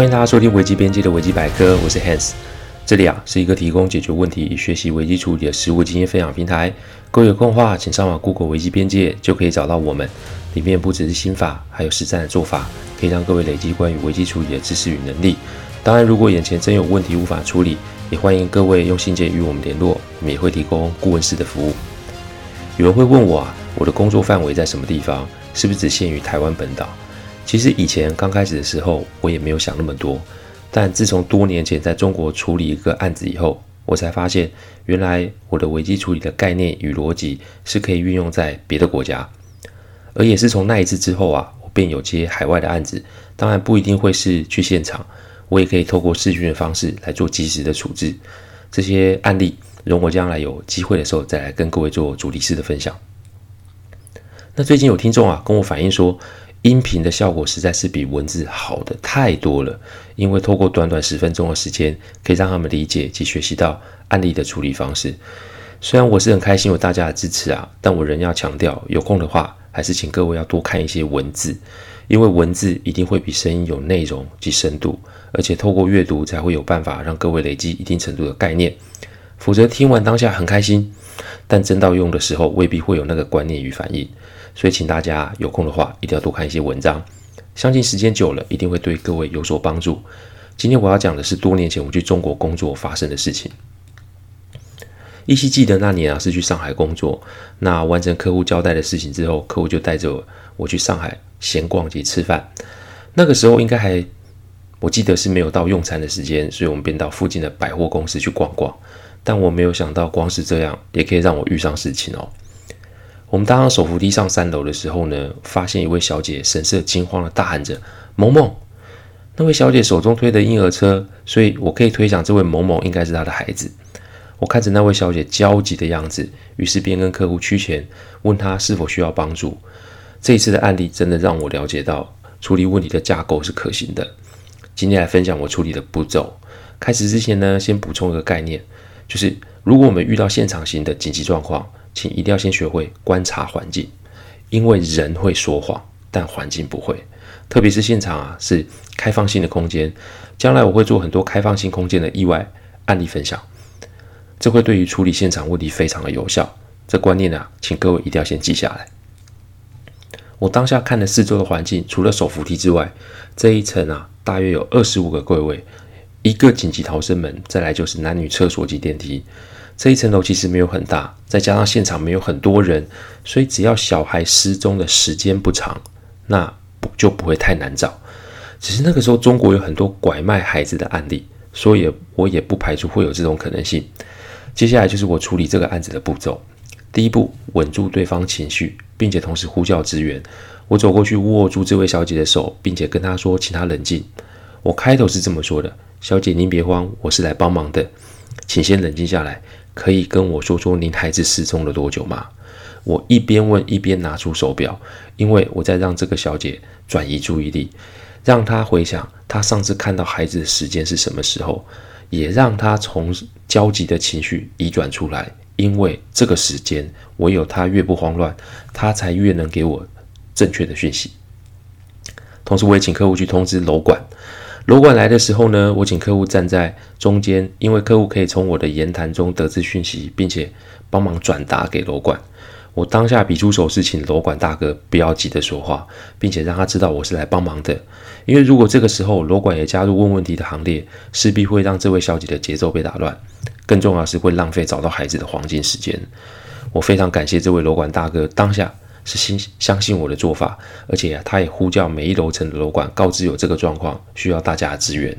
歡迎大家收聽《危機邊界》的《危機百科》，我是 Hans。這裡啊是一個提供解決問題與學習危機處理的實務經驗分享平台。各位有空的話，請上網 Google 危機邊界，就可以找到我們。裡面不只是心法，還有實戰的做法，可以讓各位累積關於危機處理的知識與能力。當然，如果眼前真有問題無法處理，也歡迎各位用信件與我們聯絡，我們也會提供顧問式的服務。有人會問我啊，我的工作範圍在什麼地方？是不是只限於台灣本島？其實以前剛開始的時候，我也沒有想那麼多。但自從多年前在中國處理一個案子以後，我才發現，原來我的危機處理的概念與邏輯是可以運用在別的國家。而也是從那一次之後啊，我便有接海外的案子。當然不一定會是去現場，我也可以透過視訊的方式來做及時的處置。這些案例，容我將來有機會的時候再來跟各位做主題式的分享。那最近有聽眾啊跟我反映說，音頻的效果實在是比文字好得太多了，因為透過短短十分鐘的時間，可以讓他們理解及學習到案例的處理方式。雖然我是很開心有大家的支持啊，但我仍要強調，有空的話，還是請各位要多看一些文字，因為文字一定會比聲音有內容及深度，而且透過閱讀才會有辦法讓各位累積一定程度的概念。否則聽完當下很開心，但真到用的時候，未必會有那個觀念與反應。所以，請大家有空的話，一定要多看一些文章，相信時間久了，一定會對各位有所幫助。今天我要講的是多年前我去中國工作發生的事情。依稀記得那年啊，是去上海工作。那完成客戶交代的事情之後，客戶就帶着我，我去上海閒逛及吃飯。那個時候應該還，我記得是沒有到用餐的時間，所以我們便到附近的百貨公司去逛逛。但我沒有想到，光是這樣也可以讓我遇上事情哦。我們搭上手扶梯上三樓的時候呢，發現一位小姐神色驚慌地大喊着：“萌萌！”那位小姐手中推的嬰兒車，所以我可以推想，這位萌萌應該是她的孩子。我看着那位小姐焦急的樣子，於是便跟客戶趨前，問她是否需要幫助。這一次的案例真的讓我了解到處理問題的架構是可行的。今天來分享我處理的步驟。開始之前呢，先補充一個概念，就是如果我們遇到現場型的緊急狀況。請一定要先學會觀察環境，因為人會說謊，但環境不會。特別是現場啊，是開放性的空間。將來我會做很多開放性空間的意外案例分享，這會對於處理現場問題非常的有效。這觀念啊，請各位一定要先記下來。我當下看了四周的環境，除了手扶梯之外，這一層啊，大約有二十五個櫃位，一個緊急逃生門，再來就是男女廁所及電梯。這一層樓其實沒有很大，再加上現場沒有很多人，所以只要小孩失蹤的時間不長，那不就不會太難找。只是那個時候中國有很多拐賣孩子的案例，所以我也不排除會有這種可能性。接下來就是我處理這個案子的步驟：第一步，穩住對方情緒，並且同時呼叫支援。我走過去握住這位小姐的手，並且跟她說：“請她冷靜。”我開頭是這麼說的：“小姐，您別慌，我是來幫忙的，請先冷靜下來。”可以跟我說說您孩子失蹤了多久嗎？我一邊問一邊拿出手錶，因為我在讓這個小姐轉移注意力，讓她回想她上次看到孩子的時間是什麼時候，也讓她從焦急的情緒移轉出來。因為這個時間，唯有她越不慌亂，她才越能給我正確的訊息。同時，我也請客戶去通知樓管。樓管來的時候呢，我請客戶站在中間，因為客戶可以從我的言談中得知訊息，並且幫忙轉達給樓管。我當下比出手勢，請樓管大哥不要急着說話，並且讓他知道我是來幫忙的。因為如果這個時候樓管也加入問問題的行列，勢必會讓這位小姐的節奏被打亂，更重要的是會浪費找到孩子的黃金時間。我非常感謝這位樓管大哥當下。是信相信我的做法，而且啊，他也呼叫每一樓層的樓管，告知有這個狀況，需要大家的支援。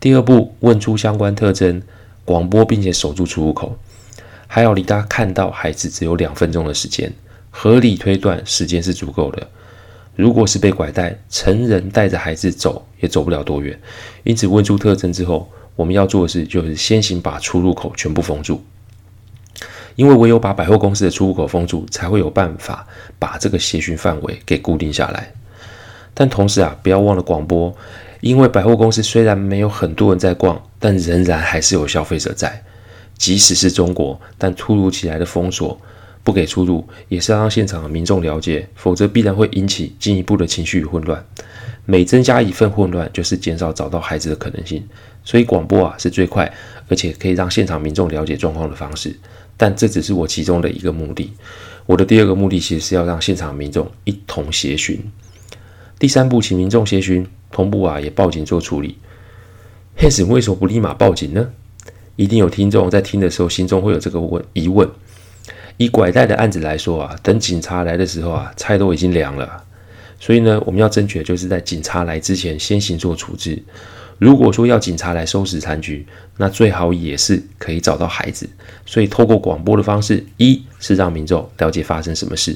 第二步，問出相關特徵，廣播並且守住出入口。還要離他看到孩子只有兩分鐘的時間，合理推斷時間是足夠的。如果是被拐帶，成人帶着孩子走也走不了多遠，因此問出特徵之後，我們要做的事就是先行把出入口全部封住。因為唯有把百貨公司的出入口封住，才會有辦法把這個協尋範圍給固定下來。但同時啊，不要忘了廣播，因為百貨公司雖然沒有很多人在逛，但仍然還是有消費者在。即使是中國，但突如其來的封鎖不給出入，也是要讓現場的民眾了解，否則必然會引起進一步的情緒混亂。每增加一份混亂，就是減少找到孩子的可能性。所以廣播啊，是最快。而且可以讓現場民眾了解狀況的方式，但這只是我其中的一個目的。我的第二個目的其實是要讓現場民眾一同協尋。第三步，請民眾協尋，同步啊也報警做處理。H 為什麼不立馬報警呢？一定有聽眾在聽的時候心中會有這個疑問。以拐帶的案子來說啊，等警察來的時候啊，菜都已經涼了。所以呢，我們要爭取的就是在警察來之前先行做處置。如果說要警察來收拾殘局，那最好也是可以找到孩子。所以，透過廣播的方式，一是讓民眾了解發生什麼事；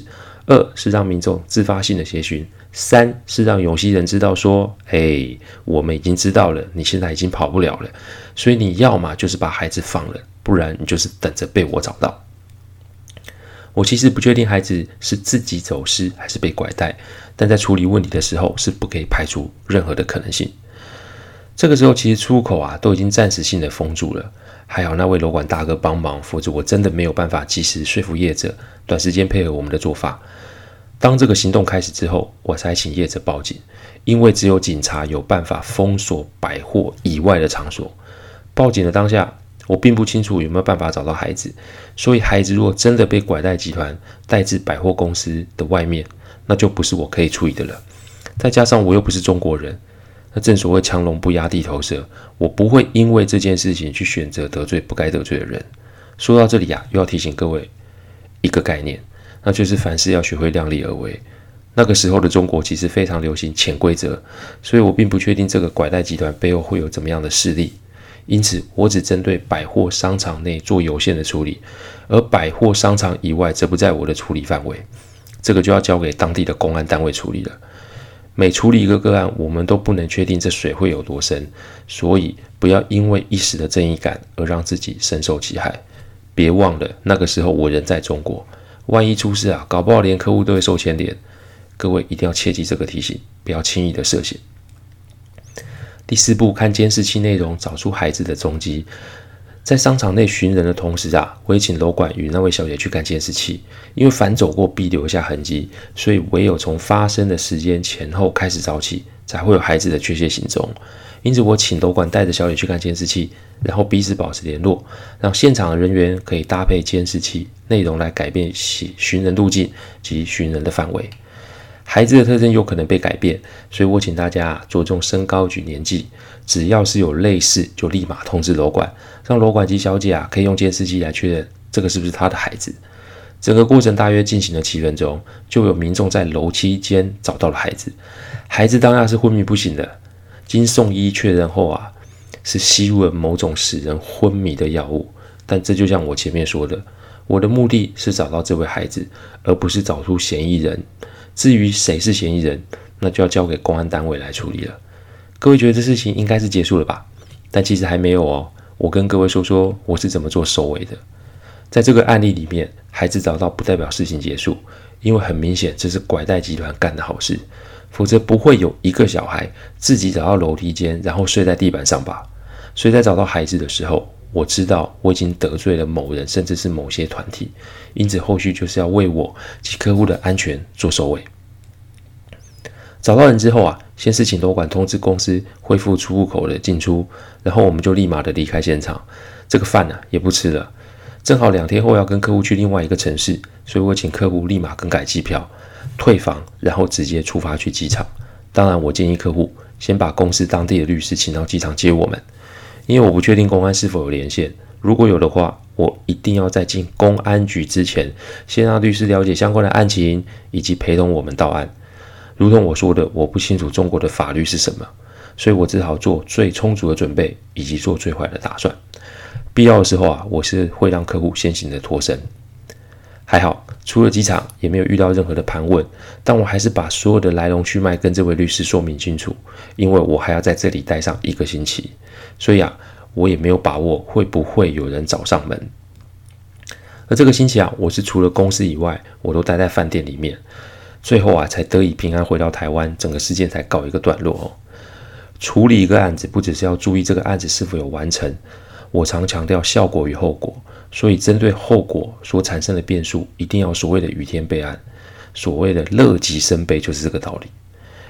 二是讓民眾自發性的協尋；三是讓有些人知道說：“哎，我們已經知道了，你現在已經跑不了了。所以，你要麼就是把孩子放了，不然你就是等着被我找到。”我其實不確定孩子是自己走失還是被拐帶，但在處理問題的時候是不可以排除任何的可能性。這個時候其實出口啊都已經暫時性的封住了，還好那位樓管大哥幫忙，否則我真的沒有辦法及時說服業者短時間配合我們的做法。當這個行動開始之後，我才請業者報警，因為只有警察有辦法封鎖百貨以外的場所。報警的當下，我並不清楚有沒有辦法找到孩子，所以孩子如果真的被拐帶集團帶至百貨公司的外面，那就不是我可以處理的了。再加上我又不是中國人。正所謂強龍不壓地頭蛇，我不會因為這件事情去選擇得罪不該得罪的人。說到這裡呀、啊，又要提醒各位一個概念，那就是凡事要學會量力而為。那個時候的中國其實非常流行潛規則，所以我並不確定這個拐帶集團背後會有怎麼樣的勢力，因此我只針對百貨商場內做有限的處理，而百貨商場以外則不在我的處理範圍，這個就要交給當地的公安單位處理了。每處理一個個案，我們都不能確定這水會有多深，所以不要因為一時的正義感而讓自己深受其害。別忘了那個時候我人在中國，萬一出事啊，搞不好連客戶都會受牽連。各位一定要切記這個提醒，不要輕易的涉險。第四步，看監視器內容，找出孩子的蹤跡。在商場內尋人的同時啊，我也請樓管與那位小姐去看監視器，因為凡走過必留下痕迹，所以唯有從發生的時間前後開始找起，才會有孩子的確切行蹤。因此，我請樓管帶着小姐去看監視器，然後彼此保持聯絡，讓現場的人員可以搭配監視器內容來改變其尋人路徑及尋人的範圍。孩子的特徵有可能被改變，所以我請大家着、啊、重身高、及年紀，只要是有類似，就立馬通知樓管，讓樓管及小姐啊，可以用監視器來確認這個是不是他的孩子。整個過程大約進行了七分鐘，就有民眾在樓梯間找到了孩子。孩子當下是昏迷不醒的，經送醫確認後啊，是吸入了某種使人昏迷的藥物。但這就像我前面說的，我的目的是找到這位孩子，而不是找出嫌疑人。至於誰是嫌疑人，那就要交給公安單位來處理了。各位覺得這事情應該是結束了吧？但其實還沒有哦。我跟各位說說我是怎麼做收尾的。在這個案例裡面，孩子找到不代表事情結束，因為很明顯這是拐帶集團幹的好事，否則不會有一個小孩自己找到樓梯間，然後睡在地板上吧。所以在找到孩子的時候，我知道我已經得罪了某人，甚至是某些團體，因此後續就是要為我及客戶的安全做收尾。找到人之後啊，先是請主管通知公司恢復出入口的進出，然後我們就立馬的離開現場。這個飯呢、啊、也不吃了，正好兩天後要跟客戶去另外一個城市，所以我請客戶立馬更改機票、退房，然後直接出發去機場。當然，我建議客戶先把公司當地的律師請到機場接我們，因為我不確定公安是否有連線。如果有的話，我一定要在進公安局之前，先讓律師了解相關的案情，以及陪同我們到案。如同我說的，我不清楚中國的法律是什麼，所以我只好做最充足的準備以及做最壞的打算。必要的時候啊，我是會讓客戶先行的脫身。還好，除了機場也沒有遇到任何的盤問，但我還是把所有的來龍去脈跟這位律師說明清楚，因為我還要在這裡待上一個星期，所以啊，我也沒有把握會不會有人找上門。而這個星期啊，我是除了公司以外，我都待在飯店裡面。最後啊，才得以平安回到台灣，整個事件才告一個段落。哦，處理一個案子，不只是要注意這個案子是否有完成，我常強調效果與後果，所以針對後果所產生的變數，一定要所謂的雨天備案，所謂的樂極生悲就是這個道理。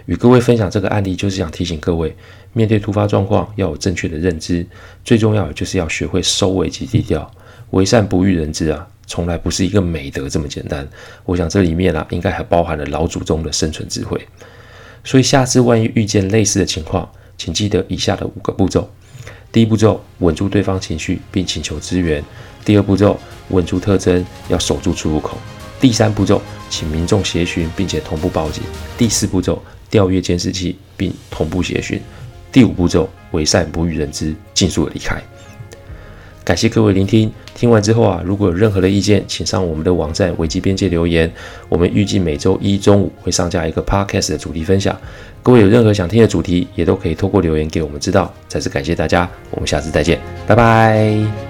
與各位分享這個案例，就是想提醒各位，面對突發狀況，要有正確的認知，最重要的就是要學會收尾及低調，為善不欲人知啊。從來不是一個美德這麼簡單。我想這裡面啊，應該還包含了老祖宗的生存智慧。所以下次萬一遇見類似的情況，請記得以下的五個步驟：第一步驟，穩住對方情緒並請求支援；第二步驟，穩住特徵，要守住出入口；第三步驟，請民眾協尋並且同步報警；第四步驟，調閱監視器並同步協尋。第五步驟，為善不欲人知，儘速離開。感謝各位聆聽，聽完之後啊，如果有任何的意見，請上我們的網站危機邊界留言。我們預計每週一中午會上架一個 podcast 的主題分享，各位有任何想聽的主題，也都可以透過留言給我們知道。再次感謝大家，我們下次再見，拜拜。